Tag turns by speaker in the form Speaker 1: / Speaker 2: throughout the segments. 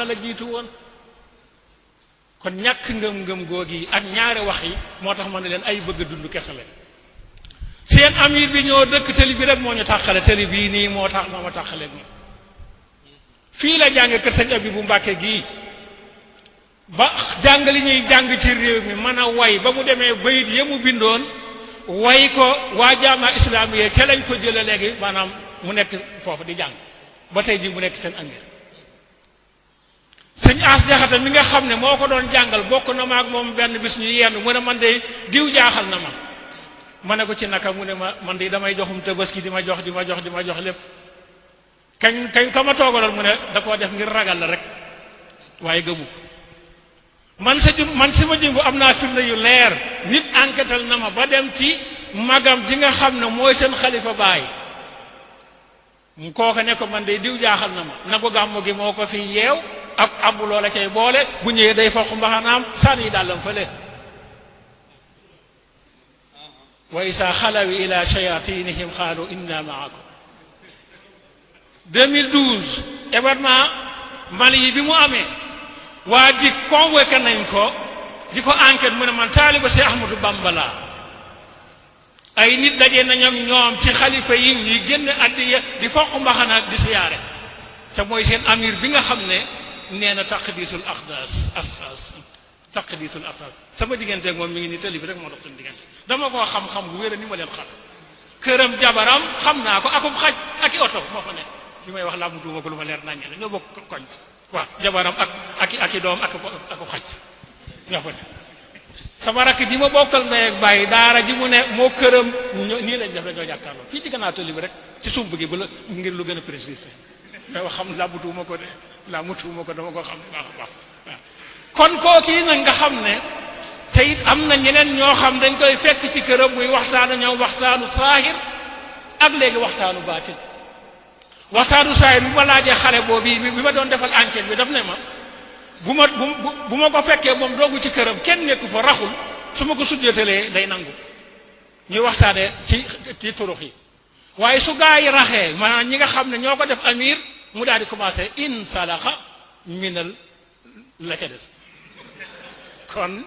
Speaker 1: na la jiitu woon kon ñàkk ngëm-ngëm googi ak ñaare wax yi moo tax ma ne leen ay bëgg dund kese la seen amir bi ñoo dëkk tëli bi rek moo ñu tàqale tëli bii nii moo tax moo ma tàqale moom fii la jàng kër sëñ abi bu mbàkkee gii ba jàng li ñuy jàng ci réew mi mën a way ba mu demee bayit ya mu bindoon way ko waa jaama islaam yee ca lañ ko jële léegi maanaam mu nekk foofu di jàng ba tey jii mu nekk seen amir As Jaxate mi nga xam ne moo ko doon jàngal bokk na maak ak moom benn bis ñu yenn mu ne man de diw jaaxal na ma ma ne ko ci naka mu ne ma man de damay joxum tabaski di ma jox di jox di ma jox lépp kañ kañ ka ma toogaloon da koo def ngir ragal la rek waaye gëmu man sa jum man si am naa firnde yu leer nit enquêtal na ma ba dem ci magam ji nga xam ne mooy seen xalifa baay kooka ne ko man de diw jaaxal na ma na ko gàmmu gi moo ko fi yeew ab abu loola cay boole bu ñëwee day foq mbaxanaam sànni dàllam fële wa isa xalawi ila shayatinihim xaalu inna maakum 2012 événement Mali yi bi mu amee waa di convoqué nañ ko di ko enquête mu ne man taaliba si Ahmadou Bamba laa ay nit daje nañ ak ñoom ci xalifa yi ñuy génn addiya di foq mbaxana di siyaare te mooy seen amir bi nga xam ne nee na taqdiisul axdaas asfaas taqdiisul asfaas sama digganteeg moom mi ngi ni tëli rek moo dox suñu diggante dama koo xam-xam bu wér a ni ma leen xam këram jabaram xam naa ko akum xaj ak i oto moo fa ne li may wax laa mu tuuma ko lu leer naññe la bokk koñ waaw jabaram ak ak ak i doom ak aku xaj ñoo fa nekk sama rakk ji ma bokkal ndey ak bàyyi daara ji mu ne moo këram nii lañ def dañoo jàkkaarloo fii ci gannaaw tëli bi rek ci sumb gi bu la ngir lu gën a précisé yow xam làmbatuuma ko de làmbatuuma ko dama ko xam baax a baax kon kookii nag nga xam ne te it am na ñeneen ñoo xam dañ koy fekk ci këram muy waxtaan ñoom waxtaanu saahir ak léegi waxtaanu baatin waxtaanu saahir bu ma laajee xale boobu bi ma doon defal enquête bi daf ne ma bu ma bu ma ko fekkee moom doogu ci këram kenn nekku fa raxul su ma ko sujjatalee day nangu ñuy waxtaanee ci ci turux yi waaye su gaa yi raxee maanaam ñi nga xam ne ñoo ko def amir mu daal di commencé insalaxa minal la ca des kon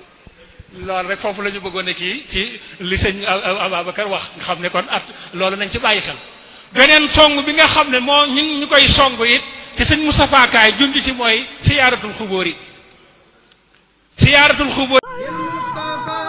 Speaker 1: loolu rek foofu la ñu bëggoon a kii ci li sëñ Ababacar wax nga xam ne kon at loolu nañ ci bàyyi xel beneen song bi nga xam ne moo ñu ñu koy song it te sëñ Moustapha Kaay junj ci mooy siyaaratul xubóor yi siyaaratul xubóor